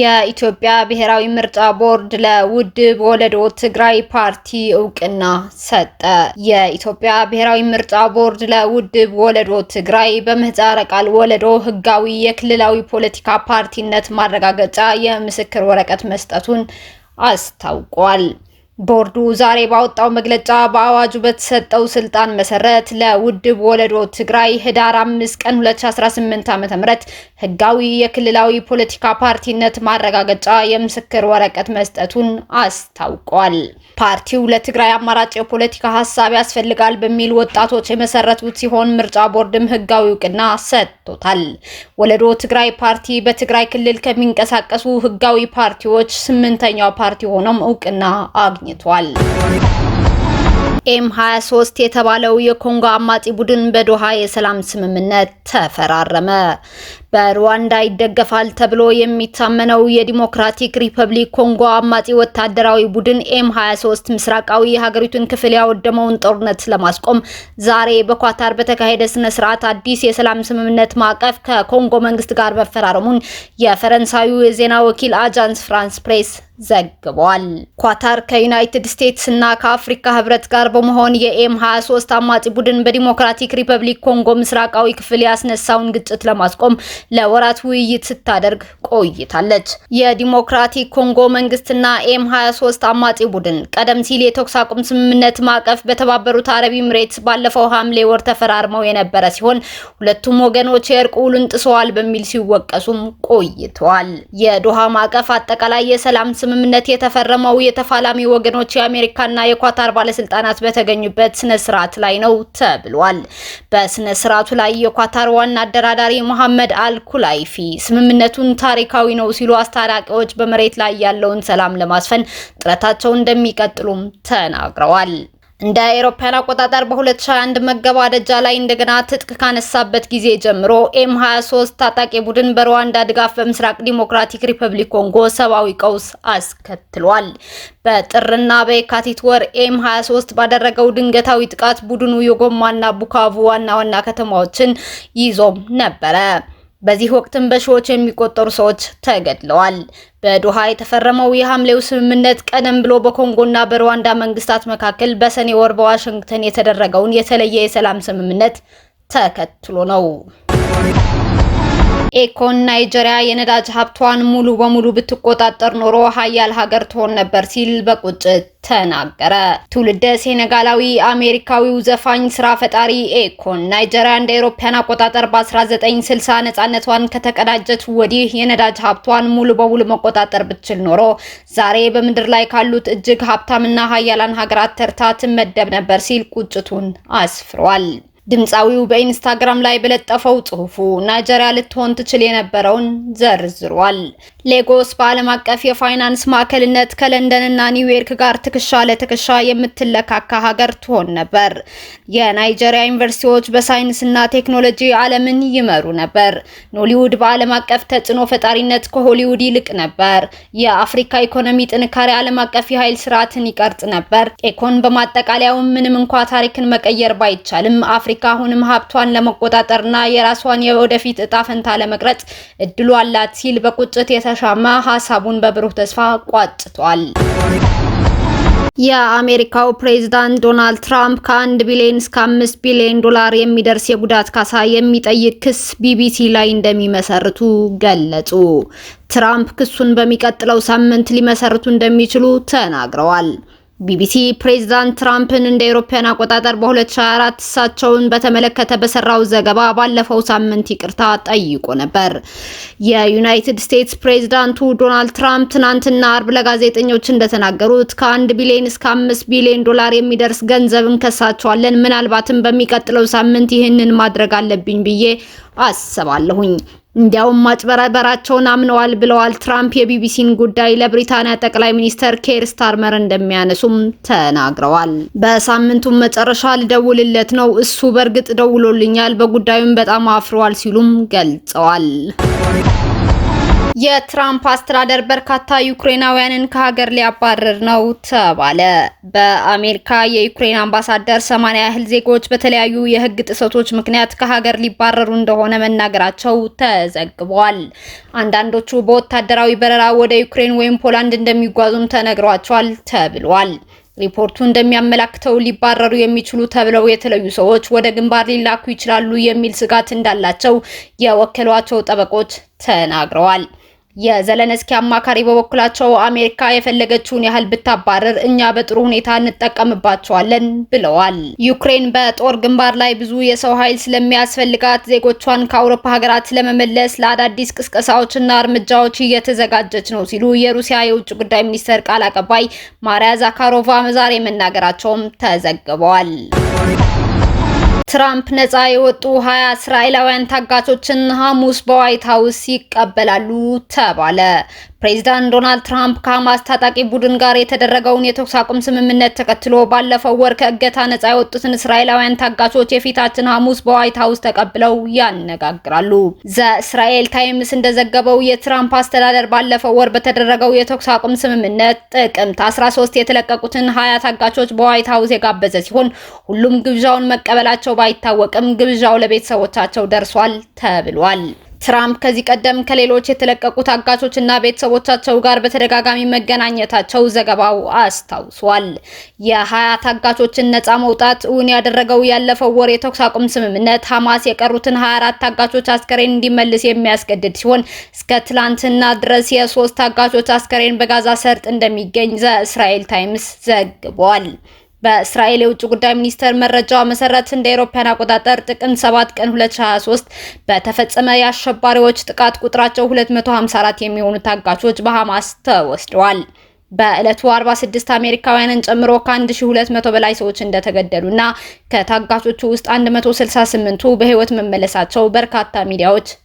የኢትዮጵያ ብሔራዊ ምርጫ ቦርድ ለውድብ ወለዶ ትግራይ ፓርቲ እውቅና ሰጠ። የኢትዮጵያ ብሔራዊ ምርጫ ቦርድ ለውድብ ወለዶ ትግራይ በምህፃረ ቃል ወለዶ ህጋዊ የክልላዊ ፖለቲካ ፓርቲነት ማረጋገጫ የምስክር ወረቀት መስጠቱን አስታውቋል። ቦርዱ ዛሬ ባወጣው መግለጫ በአዋጁ በተሰጠው ስልጣን መሰረት ለውድብ ወለዶ ትግራይ ህዳር 5 ቀን 2018 ዓ.ም ህጋዊ የክልላዊ ፖለቲካ ፓርቲነት ማረጋገጫ የምስክር ወረቀት መስጠቱን አስታውቋል። ፓርቲው ለትግራይ አማራጭ የፖለቲካ ሀሳብ ያስፈልጋል በሚል ወጣቶች የመሰረቱት ሲሆን ምርጫ ቦርድም ህጋዊ እውቅና ሰጥቶታል። ወለዶ ትግራይ ፓርቲ በትግራይ ክልል ከሚንቀሳቀሱ ህጋዊ ፓርቲዎች ስምንተኛው ፓርቲ ሆኖም እውቅና አግኝ ተገኝቷል። ኤም 23 የተባለው የኮንጎ አማጺ ቡድን በዶሃ የሰላም ስምምነት ተፈራረመ። በሩዋንዳ ይደገፋል ተብሎ የሚታመነው የዲሞክራቲክ ሪፐብሊክ ኮንጎ አማጺ ወታደራዊ ቡድን ኤም 23 ምስራቃዊ የሀገሪቱን ክፍል ያወደመውን ጦርነት ለማስቆም ዛሬ በኳታር በተካሄደ ስነ ስርዓት አዲስ የሰላም ስምምነት ማዕቀፍ ከኮንጎ መንግስት ጋር መፈራረሙን የፈረንሳዩ የዜና ወኪል አጃንስ ፍራንስ ፕሬስ ዘግቧል። ኳታር ከዩናይትድ ስቴትስ እና ከአፍሪካ ህብረት ጋር በመሆን የኤም 23 አማጺ ቡድን በዲሞክራቲክ ሪፐብሊክ ኮንጎ ምስራቃዊ ክፍል ያስነሳውን ግጭት ለማስቆም ለወራት ውይይት ስታደርግ ቆይታለች። የዲሞክራቲክ ኮንጎ መንግስትና ኤም 23 አማጺ ቡድን ቀደም ሲል የተኩስ አቁም ስምምነት ማዕቀፍ በተባበሩት አረብ ኤምሬትስ ባለፈው ሐምሌ ወር ተፈራርመው የነበረ ሲሆን ሁለቱም ወገኖች የእርቅ ውሉን ጥሰዋል በሚል ሲወቀሱም ቆይተዋል። የዶሃ ማዕቀፍ አጠቃላይ የሰላም ስምምነት የተፈረመው የተፋላሚ ወገኖች የአሜሪካና የኳታር ባለስልጣናት በተገኙበት ስነ ስርዓት ላይ ነው ተብሏል። በስነ ስርዓቱ ላይ የኳታር ዋና አደራዳሪ መሐመድ አልኩላይፊ ስምምነቱን ታሪካዊ ነው ሲሉ አስታራቂዎች በመሬት ላይ ያለውን ሰላም ለማስፈን ጥረታቸው እንደሚቀጥሉም ተናግረዋል። እንደ አውሮፓውያን አቆጣጠር በ2021 መገባደጃ ላይ እንደገና ትጥቅ ካነሳበት ጊዜ ጀምሮ ኤም 23 ታጣቂ ቡድን በሩዋንዳ ድጋፍ በምስራቅ ዲሞክራቲክ ሪፐብሊክ ኮንጎ ሰብአዊ ቀውስ አስከትሏል። በጥርና በየካቲት ወር ኤም 23 ባደረገው ድንገታዊ ጥቃት ቡድኑ የጎማና ቡካቡ ዋና ዋና ከተማዎችን ይዞም ነበረ። በዚህ ወቅትም በሺዎች የሚቆጠሩ ሰዎች ተገድለዋል። በዶሃ የተፈረመው የሐምሌው ስምምነት ቀደም ብሎ በኮንጎና በሩዋንዳ መንግስታት መካከል በሰኔ ወር በዋሽንግተን የተደረገውን የተለየ የሰላም ስምምነት ተከትሎ ነው። ኤኮን ናይጄሪያ የነዳጅ ሀብቷን ሙሉ በሙሉ ብትቆጣጠር ኖሮ ሀያል ሀገር ትሆን ነበር ሲል በቁጭት ተናገረ። ትውልደ ሴኔጋላዊ አሜሪካዊው ዘፋኝ ስራ ፈጣሪ ኤኮን ናይጄሪያ እንደ አውሮፓውያን አቆጣጠር በ1960 ነጻነቷን ከተቀዳጀት ወዲህ የነዳጅ ሀብቷን ሙሉ በሙሉ መቆጣጠር ብትችል ኖሮ ዛሬ በምድር ላይ ካሉት እጅግ ሀብታምና ሀያላን ሀገራት ተርታ ትመደብ ነበር ሲል ቁጭቱን አስፍሯል። ድምፃዊው በኢንስታግራም ላይ በለጠፈው ጽሁፉ ናይጄሪያ ልትሆን ትችል የነበረውን ዘርዝሯል። ሌጎስ በዓለም አቀፍ የፋይናንስ ማዕከልነት ከለንደንና ኒውዮርክ ጋር ትከሻ ለትከሻ የምትለካካ ሀገር ትሆን ነበር። የናይጄሪያ ዩኒቨርሲቲዎች በሳይንስና ቴክኖሎጂ ዓለምን ይመሩ ነበር። ኖሊውድ በዓለም አቀፍ ተጽዕኖ ፈጣሪነት ከሆሊውድ ይልቅ ነበር። የአፍሪካ ኢኮኖሚ ጥንካሬ ዓለም አቀፍ የኃይል ስርዓትን ይቀርጽ ነበር። ኤኮን በማጠቃለያውም ምንም እንኳ ታሪክን መቀየር ባይቻልም አፍሪካ አሜሪካ አሁንም ሀብቷን ለመቆጣጠርና የራሷን የወደፊት እጣ ፈንታ ለመቅረጽ እድሉ አላት ሲል በቁጭት የተሻማ ሀሳቡን በብሩህ ተስፋ ቋጭቷል። የአሜሪካው ፕሬዝዳንት ዶናልድ ትራምፕ ከአንድ ቢሊዮን እስከ አምስት ቢሊዮን ዶላር የሚደርስ የጉዳት ካሳ የሚጠይቅ ክስ ቢቢሲ ላይ እንደሚመሰርቱ ገለጹ። ትራምፕ ክሱን በሚቀጥለው ሳምንት ሊመሰርቱ እንደሚችሉ ተናግረዋል። ቢቢሲ ፕሬዚዳንት ትራምፕን እንደ አውሮፓውያን አቆጣጠር በ2024 እሳቸውን በተመለከተ በሰራው ዘገባ ባለፈው ሳምንት ይቅርታ ጠይቆ ነበር። የዩናይትድ ስቴትስ ፕሬዚዳንቱ ዶናልድ ትራምፕ ትናንትና አርብ ለጋዜጠኞች እንደተናገሩት 1 ቢሊዮን እስከ 5 ቢሊዮን ዶላር የሚደርስ ገንዘብ እንከሳቸዋለን። ምናልባትም በሚቀጥለው ሳምንት ይህንን ማድረግ አለብኝ ብዬ አስባለሁኝ እንዲያውም ማጭበርበራቸውን አምነዋል ብለዋል ትራምፕ የቢቢሲን ጉዳይ ለብሪታንያ ጠቅላይ ሚኒስተር ኬር ስታርመር እንደሚያነሱም ተናግረዋል። በሳምንቱም መጨረሻ ልደውልለት ነው፣ እሱ በእርግጥ ደውሎልኛል፣ በጉዳዩም በጣም አፍረዋል ሲሉም ገልጸዋል። የትራምፕ አስተዳደር በርካታ ዩክሬናውያንን ከሀገር ሊያባረር ነው ተባለ። በአሜሪካ የዩክሬን አምባሳደር ሰማንያ ያህል ዜጎች በተለያዩ የህግ ጥሰቶች ምክንያት ከሀገር ሊባረሩ እንደሆነ መናገራቸው ተዘግቧል። አንዳንዶቹ በወታደራዊ በረራ ወደ ዩክሬን ወይም ፖላንድ እንደሚጓዙም ተነግሯቸዋል ተብሏል። ሪፖርቱ እንደሚያመላክተው ሊባረሩ የሚችሉ ተብለው የተለዩ ሰዎች ወደ ግንባር ሊላኩ ይችላሉ የሚል ስጋት እንዳላቸው የወከሏቸው ጠበቆች ተናግረዋል። የዘለነስኪ አማካሪ በበኩላቸው አሜሪካ የፈለገችውን ያህል ብታባረር እኛ በጥሩ ሁኔታ እንጠቀምባቸዋለን ብለዋል። ዩክሬን በጦር ግንባር ላይ ብዙ የሰው ኃይል ስለሚያስፈልጋት ዜጎቿን ከአውሮፓ ሀገራት ለመመለስ ለአዳዲስ ቅስቀሳዎችና እርምጃዎች እየተዘጋጀች ነው ሲሉ የሩሲያ የውጭ ጉዳይ ሚኒስቴር ቃል አቀባይ ማሪያ ዛካሮቫ መዛሬ መናገራቸውም ተዘግበዋል። ትራምፕ ነጻ የወጡ ሀያ እስራኤላውያን ታጋቾችን ሐሙስ በዋይት ሀውስ ይቀበላሉ ተባለ። ፕሬዚዳንት ዶናልድ ትራምፕ ከሐማስ ታጣቂ ቡድን ጋር የተደረገውን የተኩስ አቁም ስምምነት ተከትሎ ባለፈው ወር ከእገታ ነጻ የወጡትን እስራኤላውያን ታጋቾች የፊታችን ሐሙስ በዋይት ሀውስ ተቀብለው ያነጋግራሉ። ዘ እስራኤል ታይምስ እንደዘገበው የትራምፕ አስተዳደር ባለፈው ወር በተደረገው የተኩስ አቁም ስምምነት ጥቅምት 13 የተለቀቁትን ሀያ ታጋቾች በዋይት ሀውስ የጋበዘ ሲሆን ሁሉም ግብዣውን መቀበላቸው ባይታወቅም ግብዣው ለቤተሰቦቻቸው ደርሷል ተብሏል። ትራምፕ ከዚህ ቀደም ከሌሎች የተለቀቁት አጋቾችና ቤተሰቦቻቸው ጋር በተደጋጋሚ መገናኘታቸው ዘገባው አስታውሷል። የሀያት አጋቾችን ነጻ መውጣት እውን ያደረገው ያለፈው ወር የተኩስ አቁም ስምምነት ሐማስ የቀሩትን 24 አጋቾች አስከሬን እንዲመልስ የሚያስገድድ ሲሆን እስከ ትላንትና ድረስ የሶስት አጋቾች አስከሬን በጋዛ ሰርጥ እንደሚገኝ ዘ እስራኤል ታይምስ ዘግቧል። በእስራኤል የውጭ ጉዳይ ሚኒስቴር መረጃ መሰረት እንደ አውሮፓውያን አቆጣጠር ጥቅምት 7 ቀን 2023 በተፈጸመ የአሸባሪዎች ጥቃት ቁጥራቸው 254 የሚሆኑ ታጋቾች በሐማስ ተወስደዋል። በዕለቱ 46 አሜሪካውያንን ጨምሮ ከ1200 በላይ ሰዎች እና ከታጋቾቹ ውስጥ 168ቱ በህይወት መመለሳቸው በርካታ ሚዲያዎች